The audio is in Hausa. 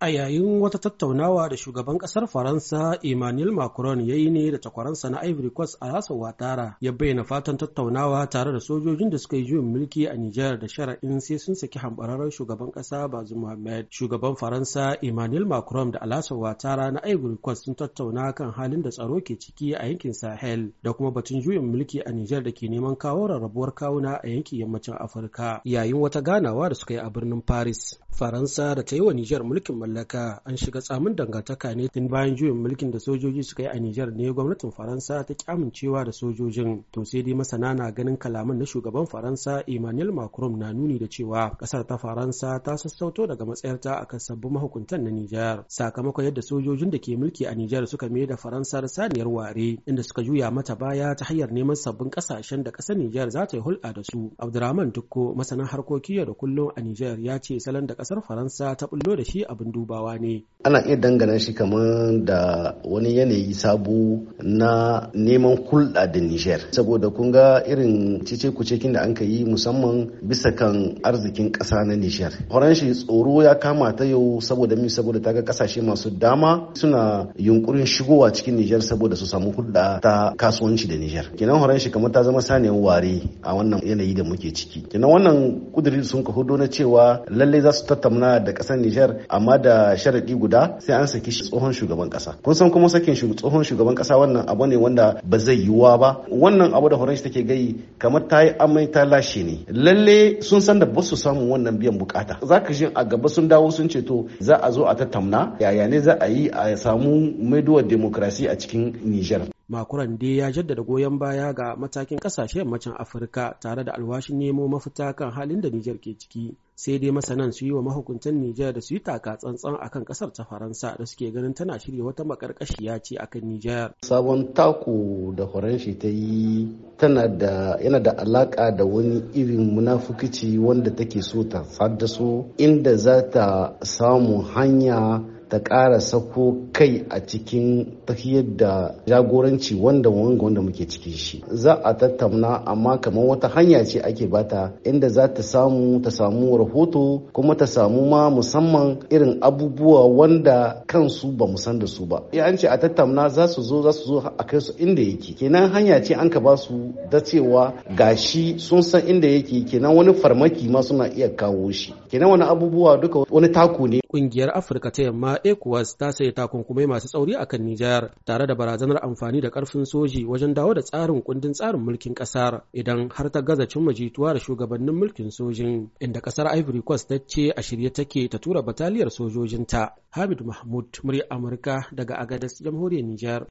A yayin wata tattaunawa da shugaban ƙasar Faransa Emmanuel Macron ya yi ne da takwaransa na Ivory Coast a rasa watara, ya bayyana fatan tattaunawa tare da sojojin da suka yi juyin mulki a Nijar da shara'in sai sun saki hambararren shugaban ƙasa Bazu Mohamed. Shugaban Faransa Emmanuel Macron da Alasa watara na Ivory Coast sun tattauna kan halin da tsaro ke ciki a yankin Sahel da kuma batun juyin mulki a Nijar da ke neman kawo rarrabuwar kawuna a yankin yammacin Afirka. Yayin wata ganawa da suka yi a birnin Paris, Faransa da ta yi wa Nijar mulkin mallaka an shiga tsamin dangantaka ne tun bayan juyin mulkin da sojoji suka yi a Nijar ne gwamnatin Faransa ta ki amincewa da sojojin to sai dai masana na ganin kalaman na shugaban Faransa Emmanuel Macron na nuni da cewa kasar ta Faransa ta sassauto daga matsayarta a kan sabbin mahukuntan na Nijar sakamakon yadda sojojin da ke mulki a Nijar suka mai da Faransa da saniyar ware inda suka juya mata baya ta hanyar neman sabbin kasashen da kasar Nijar za ta yi hulɗa da su Abdurrahman Dukko masanin harkoki da kullum a Nijar ya ce salon da kasar Faransa ta bullo da shi abin dubawa ne ana iya dangana shi kamar da wani yanayi sabo na neman kulɗa da Nijar. Saboda kun ga irin cece kucekin da an ka yi musamman bisa kan arzikin ƙasa na Nijar. Horon shi tsoro ya kama ta yau saboda mi saboda ta ga ƙasashe masu dama suna yunkurin shigowa cikin Nijar saboda su samu kulɗa ta kasuwanci da Nijar. Kinan horon shi kamar ta zama saniyar ware a wannan yanayi da muke ciki. kinan wannan kudirin sun ka hudo na cewa lallai za su tattauna da ƙasar Nijar amma da sharadi guda sai an saki tsohon shugaban kasa kun san kuma sakin tsohon shugaban kasa wannan abu ne wanda ba zai yiwuwa ba wannan abu da horon take gai kamar ta yi amai ta lashe ne lalle sun san da ba su samu wannan biyan bukata za ka a gaba sun dawo sun ce to za a zo a tattauna? yaya ne za a yi a samu maiduwar demokrasi a cikin Nijar. makuran dai ya jaddada goyon baya ga matakin kasashe yammacin afirka tare da alwashin nemo mafita kan halin da nijar ke ciki sai dai masanan su yi wa mahukuntan nijar da su yi taka tsantsan akan kasar ta faransa da suke ganin tana shirya wata makarkashiya ce akan nijar sabon taku da faranshi ta yi tana da yana da alaka da wani irin munafukici wanda take so ta haddaso inda za ta samu hanya ta ƙara sako kai a cikin tafiyar da jagoranci wanda wanga wanda muke cikin shi za a tattauna amma kamar wata hanya ce ake bata inda za ta samu ta samu rahoto kuma ta samu ma musamman irin abubuwa wanda kansu ba san da su ba ya an ce a tattauna za su zo za su zo a kai su inda yake kenan hanya ce an ka ba su da cewa gashi sun san inda yake kenan wani farmaki ma suna iya kawo shi kenan wani abubuwa duka wani taku ne kungiyar Afirka ta Yamma ECOWAS ta sayi takunkumai masu tsauri a kan Nijar tare da barazanar amfani da karfin soji wajen dawo da tsarin kundin tsarin mulkin kasar idan har ta gaza cimma jituwa da shugabannin mulkin sojin inda kasar Ivory Coast ta ce a shirye take ta tura bataliyar sojojinta. Hamid Mahmud, murya Amurka daga Agadez, Jamhuriyar Nijar.